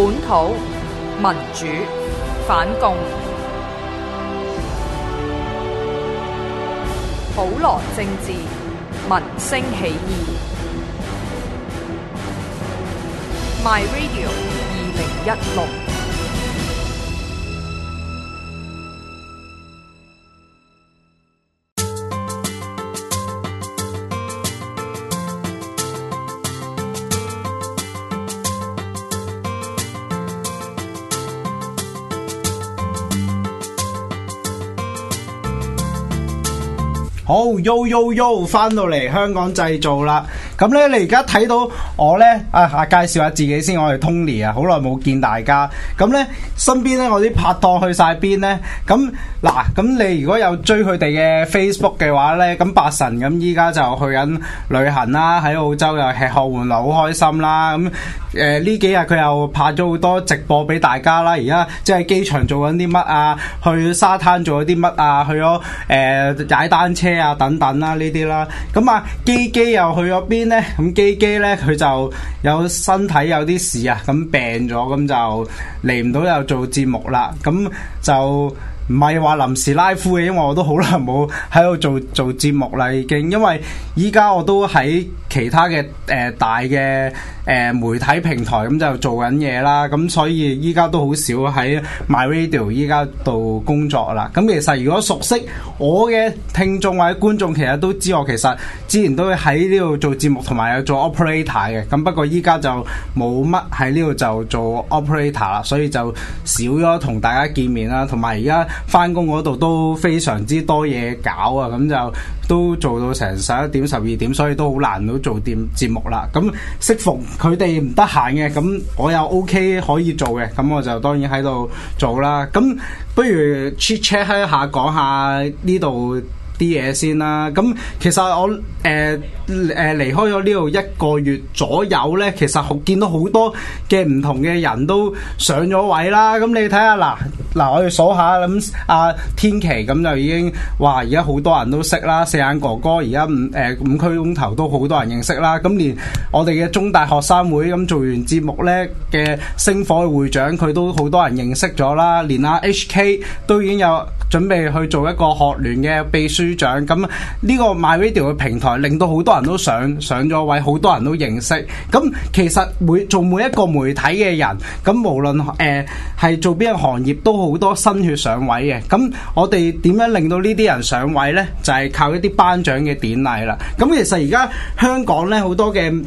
本土民主反共，普羅政治民生起義。My Radio 二零一六。好、oh，Yo Yo Yo，翻到嚟香港製造啦。咁咧，你而家睇到我咧，啊啊，介紹下自己先。我係 Tony 啊，好耐冇見大家。咁咧，身邊咧，我啲拍檔去晒邊咧？咁嗱，咁、啊、你如果有追佢哋嘅 Facebook 嘅話咧，咁八神咁依家就去緊旅行啦，喺澳洲又吃喝玩樂好開心啦。咁誒呢幾日佢又拍咗好多直播俾大家啦。而家即係機場做緊啲乜啊？去沙灘做咗啲乜啊？去咗誒、呃、踩單車啊！啊，等等啦，呢啲啦，咁啊，基基又去咗邊咧？咁基基咧，佢就有身體有啲事啊，咁病咗，咁就嚟唔到又做節目啦，咁就。唔係話臨時拉夫嘅，因為我都好耐冇喺度做做節目啦，已經。因為依家我都喺其他嘅誒、呃、大嘅誒、呃、媒體平台咁、嗯、就做緊嘢啦，咁所以依家都好少喺 MyRadio 依家度工作啦。咁其實如果熟悉我嘅聽眾或者觀眾，其實都知我其實之前都喺呢度做節目同埋有做 operator 嘅。咁不過依家就冇乜喺呢度就做 operator 啦，所以就少咗同大家見面啦。同埋而家。翻工嗰度都非常之多嘢搞啊，咁就都做到成十一點、十二點，所以都好難都做掂節目啦。咁適逢佢哋唔得閒嘅，咁我又 OK 可以做嘅，咁我就當然喺度做啦。咁不如 check check 一下講下呢度啲嘢先啦。咁其實我誒誒、呃、離開咗呢度一個月左右呢，其實見到好多嘅唔同嘅人都上咗位啦。咁你睇下嗱。嗱，我哋數下，咁阿天琪咁就已經哇！而家好多人都識啦，四眼哥哥而家五誒五區龍頭都好多人認識啦。咁連我哋嘅中大學生會咁做完節目咧嘅星火會長，佢都好多人認識咗啦。連阿 HK 都已經有準備去做一個學聯嘅秘書長。咁呢個 MyRadio 嘅平台令到好多人都上上咗位，好多人都認識。咁其實每做每一個媒體嘅人，咁無論誒係做邊個行業都。好多新血上位嘅，咁我哋點樣令到呢啲人上位咧？就係靠一啲頒獎嘅典禮啦。咁其實而家香港咧好多嘅。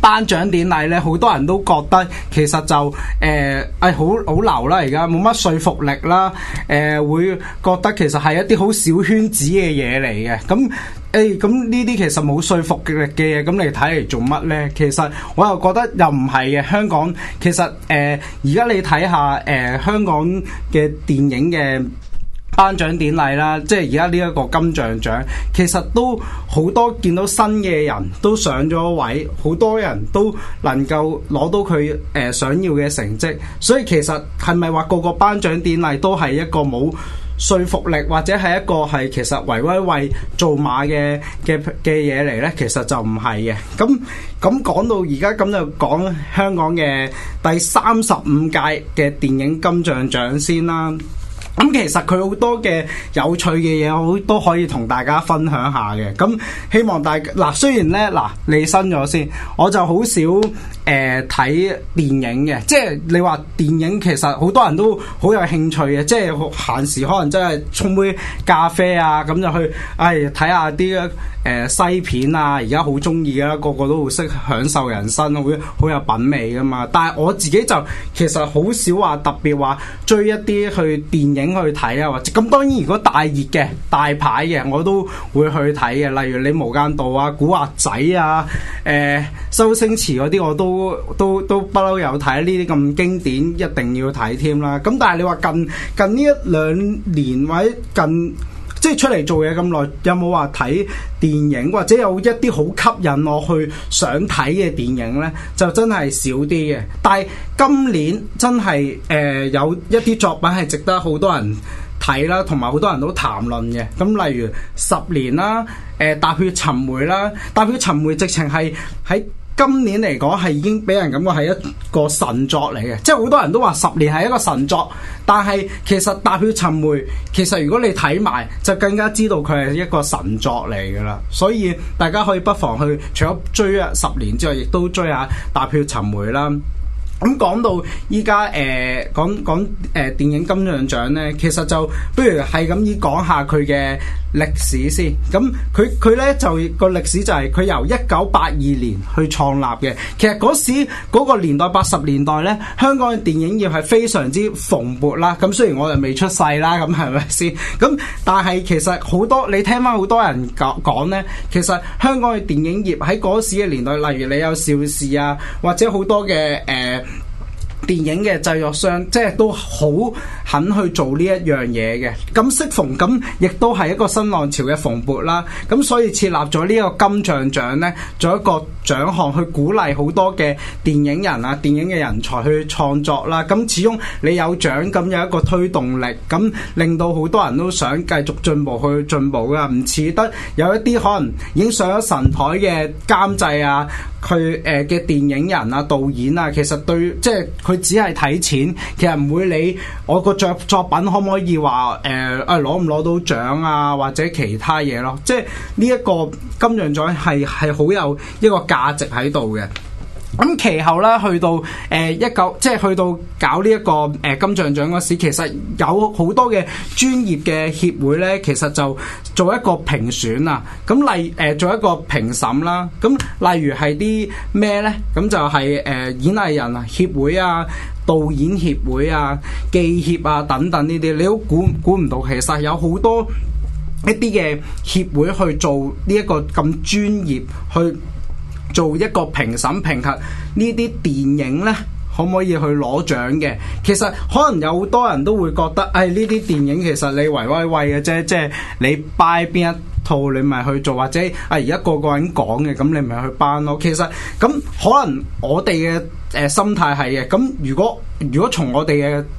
頒獎典禮咧，好多人都覺得其實就誒誒好好流啦，而家冇乜說服力啦，誒、呃、會覺得其實係一啲好小圈子嘅嘢嚟嘅。咁誒咁呢啲其實冇說服力嘅嘢，咁你睇嚟做乜呢？其實我又覺得又唔係嘅，香港其實誒而家你睇下誒、呃、香港嘅電影嘅。頒獎典禮啦，即係而家呢一個金像獎，其實都好多見到新嘅人都上咗位，好多人都能夠攞到佢誒想要嘅成績，所以其實係咪話個個頒獎典禮都係一個冇說服力，或者係一個係其實圍威喂做馬嘅嘅嘅嘢嚟呢？其實就唔係嘅。咁咁講到而家咁就講香港嘅第三十五屆嘅電影金像獎先啦。咁、嗯、其實佢好多嘅有趣嘅嘢，我都可以同大家分享下嘅。咁、嗯、希望大家嗱，雖然咧嗱，你新咗先，我就好少誒睇、呃、電影嘅。即係你話電影其實好多人都好有興趣嘅。即係閒時可能真係沖杯咖啡啊，咁就去誒睇下啲。哎看看誒西片啊，而家好鍾意啦，個個都會識享受人生，好好有品味㗎嘛。但係我自己就其實好少話特別話追一啲去電影去睇啊。或者咁當然如果大熱嘅、大牌嘅，我都會去睇嘅。例如你《無間道》啊，《古惑仔》啊，誒、呃，周星馳嗰啲我都都都不嬲有睇。呢啲咁經典一定要睇添啦。咁但係你話近近呢一兩年或者近？即係出嚟做嘢咁耐，有冇話睇電影或者有一啲好吸引我去想睇嘅電影呢？就真係少啲嘅。但係今年真係誒、呃，有一啲作品係值得好多人睇啦，同埋好多人都談論嘅。咁例如《十年》啦、呃，誒《踏血尋梅》啦，《踏血尋梅》直情係喺。今年嚟講，係已經俾人感覺係一個神作嚟嘅。即係好多人都話十年係一個神作，但係其實《踏血尋梅》其實如果你睇埋就更加知道佢係一個神作嚟噶啦，所以大家可以不妨去除咗追啊十年之外，亦都追下《踏血尋梅》啦。咁、嗯、講到依家誒，講講誒電影金像獎呢，其實就不如係咁以講下佢嘅歷史先，咁佢佢咧就個歷史就係佢由一九八二年去創立嘅。其實嗰時嗰個年代八十年代咧，香港嘅電影業係非常之蓬勃啦。咁雖然我又未出世啦，咁係咪先？咁 但係其實好多你聽翻好多人講講咧，其實香港嘅電影業喺嗰時嘅年代，例如你有邵氏啊，或者好多嘅誒。呃電影嘅製作商即係都好肯去做呢一樣嘢嘅，咁適逢咁亦都係一個新浪潮嘅蓬勃啦，咁所以設立咗呢個金像獎呢，做一個獎項去鼓勵好多嘅電影人啊、電影嘅人才去創作啦。咁始終你有獎咁有一個推動力，咁令到好多人都想繼續進步去進步噶、啊，唔似得有一啲可能已經上咗神台嘅監製啊、佢誒嘅電影人啊、導演啊，其實對即係佢。只係睇錢，其實唔會理我個作作品可唔可以話誒啊攞唔攞到獎啊，或者其他嘢咯。即係呢一個金像獎係係好有一個價值喺度嘅。咁其後咧，去到誒、呃、一九，即係去到搞呢、呢、一個誒、呃、金像獎嗰時，其實有好多嘅專業嘅協會咧，其實就做一個評選啊，咁例誒、呃、做一個評審啦。咁、啊、例如係啲咩咧？咁就係、係、誒、呃、演藝人協會啊、導演協會啊、記協啊等等呢啲，你都估估唔到。其實有好多一啲嘅協會去做呢一個咁專業去。做一個評審，評核呢啲電影呢，可唔可以去攞獎嘅？其實可能有好多人都會覺得，唉，呢啲電影其實你為為為嘅啫，即係你拜邊一？套你咪去做，或者啊，而、哎、家個個人講嘅咁，你咪去班咯。其實，咁可能我哋嘅誒心態係嘅。咁如果如果從我哋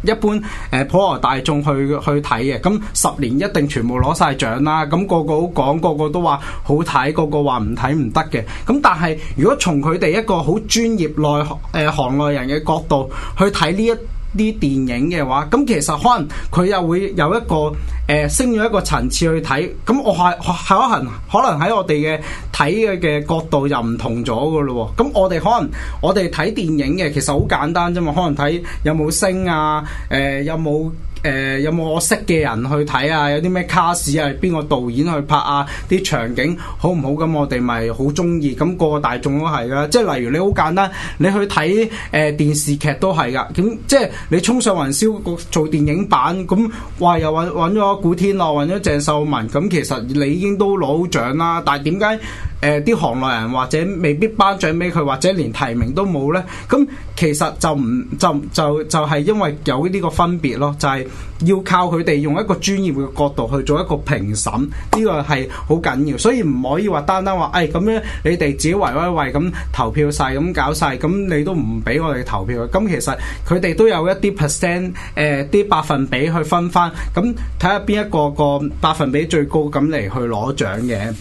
嘅一般誒、呃、普羅大眾去去睇嘅，咁十年一定全部攞晒獎啦。咁、那個個都講，個個都話好睇，個個話唔睇唔得嘅。咁但係如果從佢哋一個好專業內誒、呃、行內人嘅角度去睇呢一？啲電影嘅話，咁其實可能佢又會有一個誒、呃、升咗一個層次去睇，咁我係係可能可能喺我哋嘅睇嘅嘅角度又唔同咗㗎咯喎，咁我哋可能我哋睇電影嘅其實好簡單啫嘛，可能睇有冇星啊，誒、呃、有冇。誒、呃，有冇我識嘅人去睇啊？有啲咩卡士啊？邊個導演去拍啊？啲場景好唔好？咁我哋咪好中意。咁、那個個大眾都係啦。即係例如你好簡單，你去睇誒、呃、電視劇都係噶。咁即係你衝上雲霄做電影版，咁哇又搵搵咗古天樂，搵咗鄭秀文。咁其實你已經都攞獎啦。但係點解？誒啲行內人或者未必頒獎俾佢，或者連提名都冇咧。咁其實就唔就就就係因為有呢個分別咯，就係要靠佢哋用一個專業嘅角度去做一個評審，呢個係好緊要。所以唔可以話單單話誒咁樣，你哋自己圍威喂咁投票曬咁搞曬，咁你都唔俾我哋投票。咁其實佢哋都有一啲 percent 誒啲百分比去分翻，咁睇下邊一個個百分比最高咁嚟去攞獎嘅。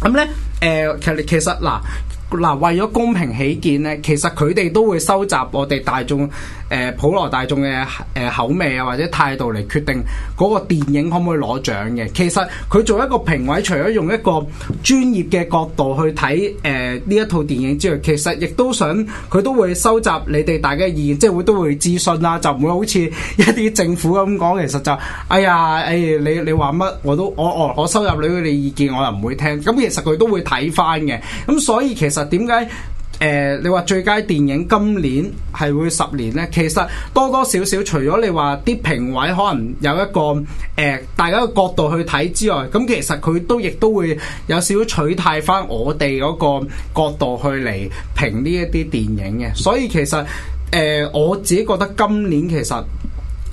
咁咧。誒、呃，其實嗱嗱、啊啊，為咗公平起見咧，其實佢哋都會收集我哋大眾。誒普羅大眾嘅誒口味啊，或者態度嚟決定嗰個電影可唔可以攞獎嘅？其實佢做一個評委，除咗用一個專業嘅角度去睇誒呢一套電影之外，其實亦都想佢都會收集你哋大家嘅意見，即係會都會諮詢啦、啊，就唔會好似一啲政府咁講，其實就哎呀，哎呀，你你話乜我都我我我收入你嘅意見，我又唔會聽。咁、嗯、其實佢都會睇翻嘅。咁、嗯、所以其實點解？誒、呃，你話最佳電影今年係會十年呢？其實多多少少，除咗你話啲評委可能有一個誒、呃，大家角、嗯、個角度去睇之外，咁其實佢都亦都會有少少取替翻我哋嗰個角度去嚟評呢一啲電影嘅。所以其實誒、呃，我自己覺得今年其實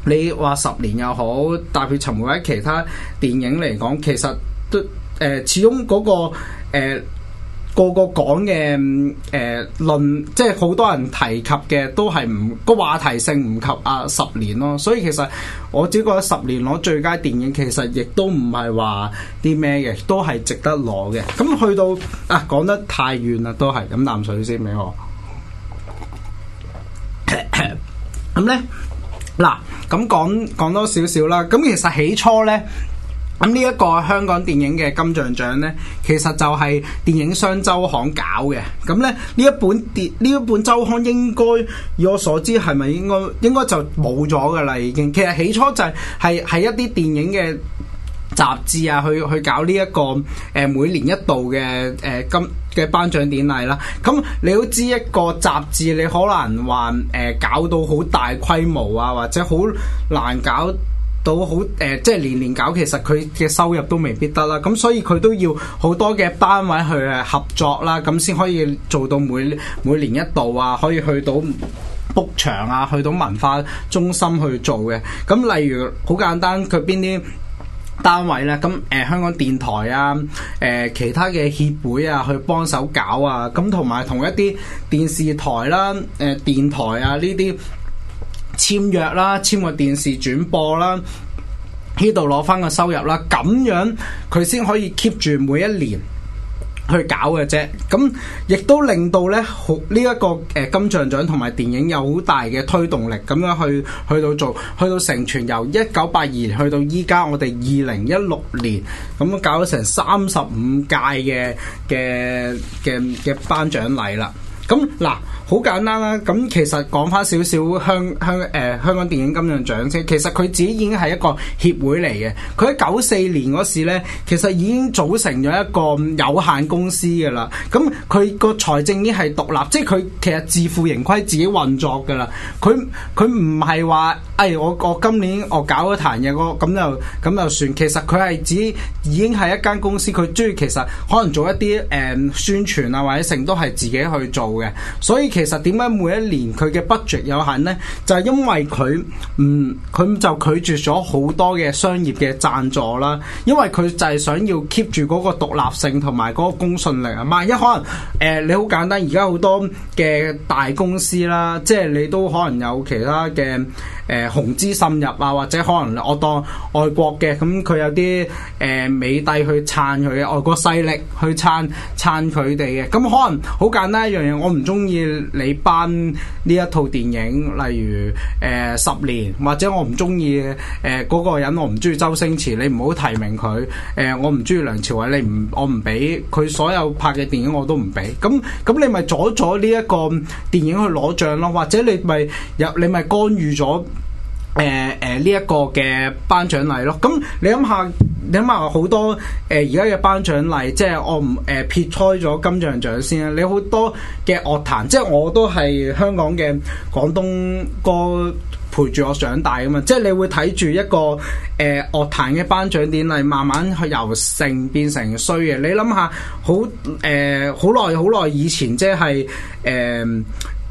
你話十年又好，但佢尋回喺其他電影嚟講，其實都誒、呃，始終嗰、那個、呃個個講嘅誒論，即係好多人提及嘅都係唔個話題性唔及啊十年咯，所以其實我只覺得十年攞最佳電影其實亦都唔係話啲咩嘅，都係值得攞嘅。咁去到啊講得太遠啦，都係飲啖水先，俾我。咁咧嗱，咁講講多少少啦。咁其實起初咧。咁呢一個香港電影嘅金像獎呢，其實就係電影雙周刊搞嘅。咁咧呢一本電呢一本週刊應該以我所知係咪應該應該就冇咗噶啦已經？其實起初就係、是、係一啲電影嘅雜誌啊，去去搞呢、這、一個誒每年一度嘅誒、呃、金嘅頒獎典禮啦。咁你都知一個雜誌你可能話誒、呃、搞到好大規模啊，或者好難搞。到好誒、呃，即係年年搞，其實佢嘅收入都未必得啦。咁所以佢都要好多嘅單位去合作啦，咁先可以做到每每年一度啊，可以去到 book 場啊，去到文化中心去做嘅。咁例如好簡單，佢邊啲單位呢？咁誒、呃，香港電台啊，誒、呃、其他嘅協會啊，去幫手搞啊。咁同埋同一啲電視台啦、啊、誒、呃、電台啊呢啲。簽約啦，簽個電視轉播啦，呢度攞翻個收入啦，咁樣佢先可以 keep 住每一年去搞嘅啫。咁亦都令到呢好呢一個誒金像獎同埋電影有好大嘅推動力，咁樣去去到做，去到成全由一九八二年去到依家我哋二零一六年，咁樣搞咗成三十五屆嘅嘅嘅嘅頒獎禮啦。咁嗱。好簡單啦，咁其實講返少少香香誒、呃、香港電影金像獎先，其實佢自己已經係一個協會嚟嘅。佢喺九四年嗰時呢，其實已經組成咗一個有限公司嘅啦。咁佢個財政已經係獨立，即係佢其實自負盈虧自己運作嘅啦。佢佢唔係話誒我我今年我搞咗壇嘢咁就咁就算，其實佢係自己已經係一間公司，佢鍾意其實可能做一啲誒、呃、宣傳啊或者成都係自己去做嘅，所以。其實點解每一年佢嘅 budget 有限呢？就係、是、因為佢唔佢就拒絕咗好多嘅商業嘅贊助啦。因為佢就係想要 keep 住嗰個獨立性同埋嗰個公信力啊。萬一可能誒、呃，你好簡單，而家好多嘅大公司啦，即係你都可能有其他嘅誒紅資滲入啊，或者可能我當外國嘅咁，佢有啲誒、呃、美帝去撐佢嘅外國勢力去撐撐佢哋嘅。咁可能好簡單一樣嘢，我唔中意。你班，呢一套電影，例如誒、呃、十年，或者我唔中意誒嗰個人，我唔中意周星馳，你唔好提名佢。誒、呃，我唔中意梁朝偉，你唔我唔俾佢所有拍嘅電影我都唔俾。咁咁你咪阻咗呢一個電影去攞獎咯，或者你咪入你咪干預咗，誒誒呢一個嘅頒獎禮咯，咁你諗下，你諗下，好多誒而家嘅頒獎禮，即係我唔誒、呃、撇開咗金像獎先啦。你好多嘅樂壇，即係我都係香港嘅廣東歌陪住我長大㗎嘛。即係你會睇住一個誒樂壇嘅頒獎典禮，慢慢去由盛變成衰嘅。你諗下，好誒好耐好耐以前，即係誒、呃、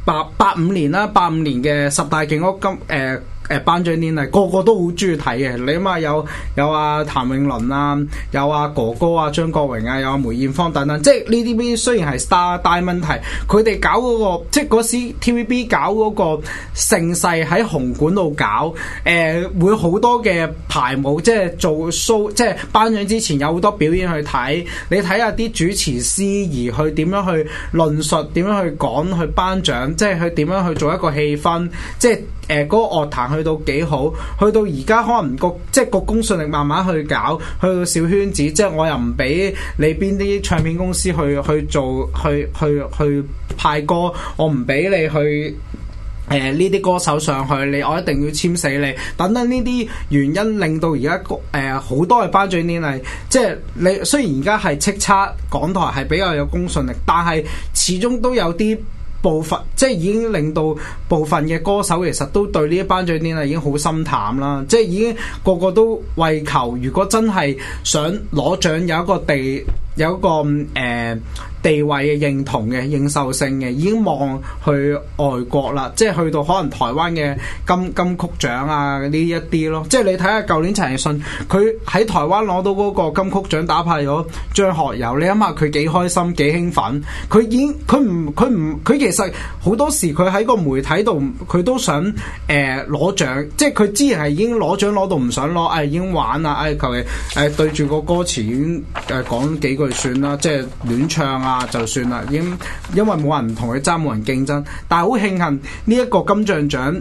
八八五年啦，八五年嘅十大勁歌。金、呃、誒。誒頒獎典禮個個都好中意睇嘅，你起碼有有阿譚詠麟啊，有阿、啊、哥哥啊，張國榮啊，有阿、啊、梅艷芳等等，即係呢啲啲雖然係 star，但係問題，佢哋搞、嗰個即係嗰時 TVB 搞個盛世喺紅館度搞，誒、呃、會好多嘅排舞，即係做 show，即係頒獎之前有好多表演去睇。你睇下啲主持司儀去點樣去論述，點樣去講去頒獎，即係佢點樣去做一個氣氛，即係誒、呃嗰個樂壇。去。去到幾好？去到而家可能個即係個公信力慢慢去搞，去到小圈子，即係我又唔俾你邊啲唱片公司去去做，去去去派歌，我唔俾你去誒呢啲歌手上去，你我一定要簽死你。等等呢啲原因令到而家誒好多嘅頒獎典禮，即係你雖然而家係叱咤港台係比較有公信力，但係始終都有啲。部分即係已經令到部分嘅歌手其實都對呢一頒獎典禮，已經好心淡啦，即係已經個個都為求，如果真係想攞獎，有一個地，有一個誒，呃地位嘅認同嘅認受性嘅已經望去外國啦，即係去到可能台灣嘅金金曲獎啊呢一啲咯，即係你睇下舊年陳奕迅佢喺台灣攞到嗰個金曲獎打敗咗張學友，你諗下佢幾開心幾興奮，佢已經佢唔佢唔佢其實好多時佢喺個媒體度佢都想誒攞獎，即係佢之前係已經攞獎攞到唔想攞，誒、哎、已經玩啦，誒求其誒對住個歌詞已經誒講、呃、幾句算啦，即係亂唱啊！啊，就算啦，已經因為冇人同佢爭，冇人競爭。但係好慶幸呢一個金像獎。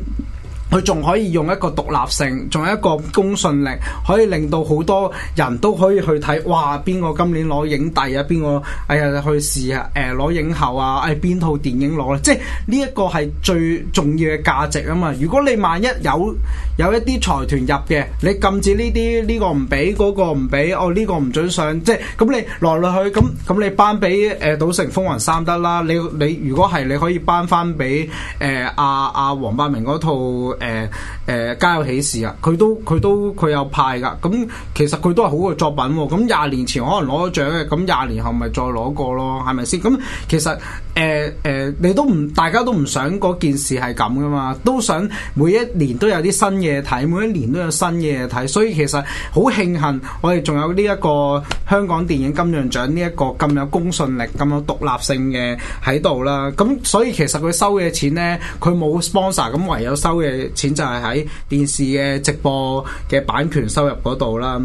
佢仲可以用一個獨立性，仲有一個公信力，可以令到好多人都可以去睇，哇！邊個今年攞影帝啊？邊個哎呀去試啊？誒攞影后啊？誒邊套電影攞咧？即係呢一個係最重要嘅價值啊嘛！如果你萬一有有一啲財團入嘅，你禁止呢啲呢個唔俾，嗰個唔俾，哦，呢個唔准上，即係咁你來來去咁咁你頒俾誒《賭城風雲三》得啦，你你如果係你可以頒翻俾誒阿阿黃百鳴嗰套。誒誒，家有、啊啊、喜事啊，佢都佢都佢有派㗎，咁、嗯、其實佢都係好嘅作品喎、啊。咁、嗯、廿年前可能攞咗獎嘅，咁、嗯、廿年後咪再攞過咯，係咪先？咁、嗯、其實，誒、嗯、誒、嗯嗯，你都唔，大家都唔想嗰件事係咁噶嘛，都想每一年都有啲新嘢睇，每一年都有新嘢睇。所以其實好慶幸，我哋仲有呢一個香港電影金像獎呢一個咁有公信力、咁有獨立性嘅喺度啦。咁、嗯、所以其實佢收嘅錢咧，佢冇 sponsor 咁，唯有收嘅。錢就係喺電視嘅直播嘅版權收入嗰度啦，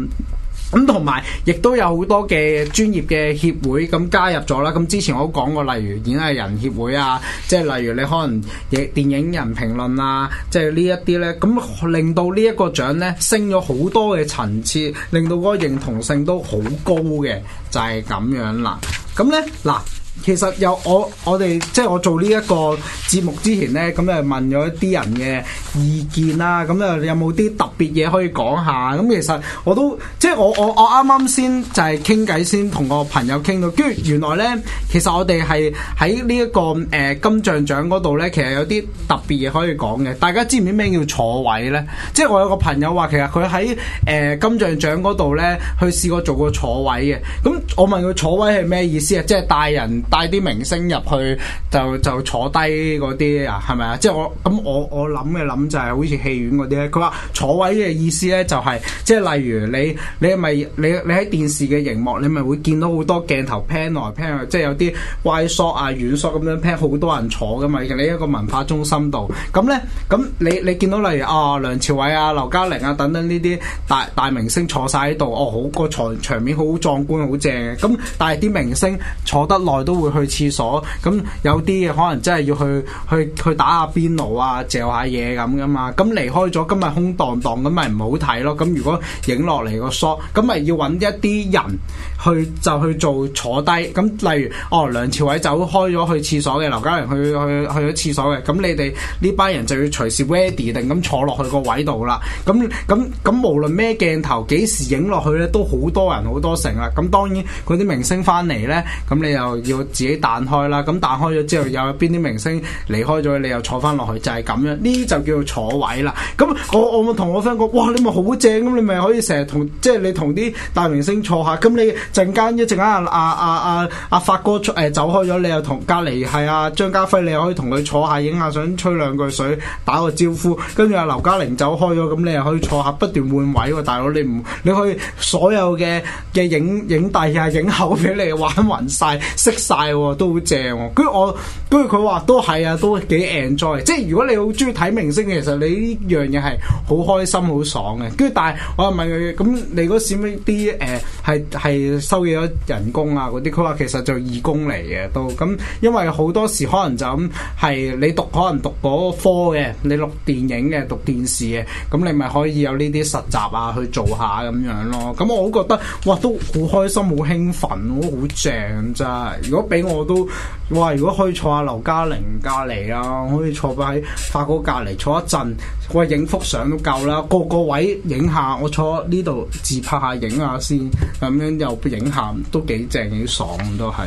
咁同埋亦都有好多嘅專業嘅協會咁加入咗啦。咁之前我都講過，例如演藝人協會啊，即係例如你可能影電影人評論啊，即係呢一啲咧，咁令到呢一個獎咧升咗好多嘅層次，令到嗰個認同性都好高嘅，就係咁樣啦。咁咧嗱，其實有我我哋即係我做呢一個節目之前呢，咁、嗯、啊問咗一啲人嘅意見啦，咁、嗯、啊有冇啲特別嘢可以講下？咁、嗯、其實我都即係我我我啱啱先就係傾偈先同個朋友傾到，跟住原來呢，其實我哋係喺呢一個誒、呃、金像獎嗰度呢，其實有啲特別嘢可以講嘅。大家知唔知咩叫坐位呢？即係我有個朋友話，其實佢喺誒金像獎嗰度呢，去試過做過坐位嘅。咁、嗯、我問佢坐位係咩意思啊？即係帶人。帶啲明星入去就就坐低啲啊，係咪啊？即係我咁我我諗嘅諗就係、是、好似戲院啲咧。佢話坐位嘅意思咧就係、是、即係例如你你係咪你你喺電視嘅熒幕，你咪會見到好多鏡頭 pan 來 pan 去，即係有啲怪索啊、軟索咁樣 pan 好多人坐嘅嘛。你一個文化中心度咁咧，咁你你見到例如啊、哦、梁朝偉啊、劉嘉玲啊等等呢啲大大明星坐晒喺度，哦，好個場場面好壯觀，好正嘅。咁但係啲明星坐得耐都～都會去廁所，咁有啲嘢可能真係要去去去打下邊爐啊，嚼下嘢咁噶嘛，咁離開咗今日空蕩蕩咁咪唔好睇咯，咁如果影落嚟個 shot，咁咪要揾一啲人。去就去做坐低，咁例如哦梁朝偉走開咗去廁所嘅，劉嘉玲去去去咗廁所嘅，咁你哋呢班人就要隨時 ready 定咁坐落去個位度啦。咁咁咁，無論咩鏡頭幾時影落去咧，都好多人好多成啦。咁當然嗰啲明星翻嚟咧，咁你又要自己彈開啦。咁彈開咗之後，又有邊啲明星離開咗，你又坐翻落去，就係咁樣。呢啲就叫做坐位啦。咁我我冇同我 friend 講，哇你咪好正，咁你咪可以成日同即係你同啲大明星坐下。咁你陣間一陣間啊啊啊啊發哥出誒、欸、走開咗，你又同隔籬係啊張家輝，你又可以同佢坐下影下，想吹兩句水，打個招呼，跟住阿劉嘉玲走開咗，咁你又可以坐下不斷換位喎、啊，大佬你唔你可以所有嘅嘅影影帝啊影后俾你玩暈晒，識晒喎、啊，都好正喎、啊，跟住我。跟住佢話都係啊，都幾 enjoy。即係如果你好中意睇明星嘅，其實你呢樣嘢係好開心、好爽嘅。跟住但係我又問佢咁，那你嗰時咩啲誒係係收嘢咗人工啊啲？佢話其實就義工嚟嘅都咁，因為好多時可能就咁係你讀可能讀嗰科嘅，你錄電影嘅、讀電視嘅，咁你咪可以有呢啲實習啊去做下咁樣咯。咁、嗯、我好覺得哇，都好開心、好興奮好正咋。如果俾我都哇，如果開錯。劉嘉玲隔籬啊，可以坐翻喺發哥隔籬坐一陣，喂影幅相都夠啦，個個位影下，我坐呢度自拍下影下先，咁樣又影下都幾正幾爽，都係，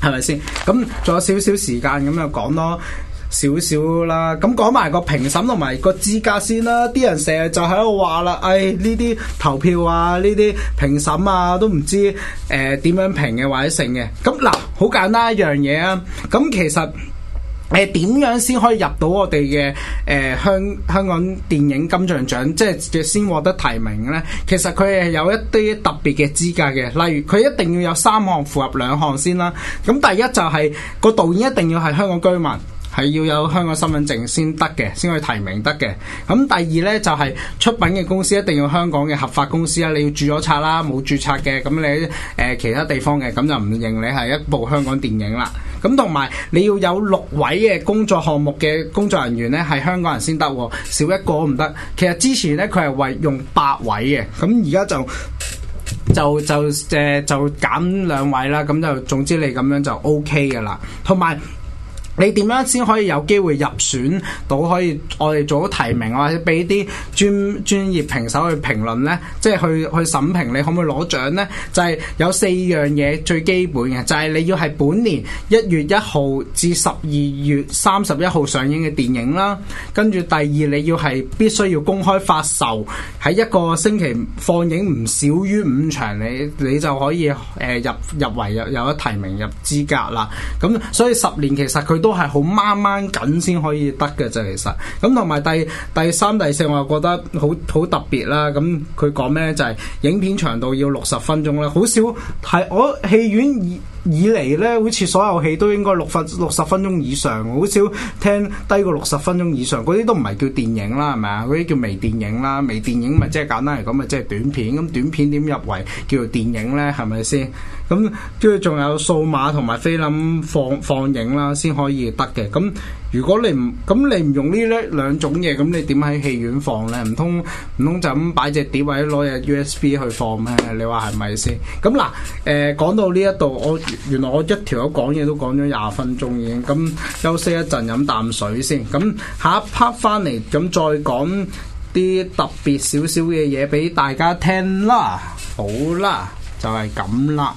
係咪先？咁仲有少少時間咁就講咯。少少啦，咁講埋個評審同埋個資格先啦。啲人成日就喺度話啦，唉，呢啲投票啊，呢啲評審啊，都唔知誒點、呃、樣評嘅或者成嘅。咁嗱，好簡單一樣嘢啊。咁其實誒點、呃、樣先可以入到我哋嘅誒香香港電影金像獎，即係嘅先獲得提名呢？其實佢係有一啲特別嘅資格嘅，例如佢一定要有三項符合兩項先啦。咁第一就係、是、個導演一定要係香港居民。係要有香港身份證先得嘅，先可以提名得嘅。咁第二呢，就係、是、出品嘅公司一定要香港嘅合法公司啦，你要注咗冊啦，冇注冊嘅咁你誒、呃、其他地方嘅，咁就唔認你係一部香港電影啦。咁同埋你要有六位嘅工作項目嘅工作人員呢，係香港人先得，少一個唔得。其實之前呢，佢係為用八位嘅，咁而家就就就就減兩位啦，咁就總之你咁樣就 O K 噶啦，同埋你點樣先可以有機會入選到可以我哋做提名或者俾啲專專業評審去評論咧，即係去去審評你可唔可以攞獎咧？就係、是、有四樣嘢最基本嘅，就係、是、你要係本年一月一號至十二月三十一號上映嘅電影啦。跟住第二你要係必須要公開發售，喺一個星期放映唔少於五場，你你就可以誒、呃、入入圍有有得提名入資格啦。咁所以十年其實佢都～都係好掹掹緊先可以得嘅啫。其實，咁同埋第第三第四，我又覺得好好特別啦。咁佢講咩？就係、是、影片長度要六十分鐘啦，好少係我戲院以嚟咧，好似所有戲都應該六分六十分鐘以上，好少聽低過六十分鐘以上，嗰啲都唔係叫電影啦，係咪啊？嗰啲叫微電影啦，微電影咪即係簡單嚟講咪即係短片，咁短片點入圍叫做電影咧？係咪先？咁跟住仲有數碼同埋菲林放放映啦，先可以得嘅。咁如果你唔咁你唔用呢兩兩種嘢，咁你點喺戲院放咧？唔通唔通就咁擺隻碟或者攞隻 USB 去放咩？你話係咪先？咁嗱誒，講到呢一度我。原來我一條友講嘢都講咗廿分鐘已經，咁休息一陣飲啖水先，咁下一 part 翻嚟咁再講啲特別少少嘅嘢俾大家聽啦。好啦，就係、是、咁啦。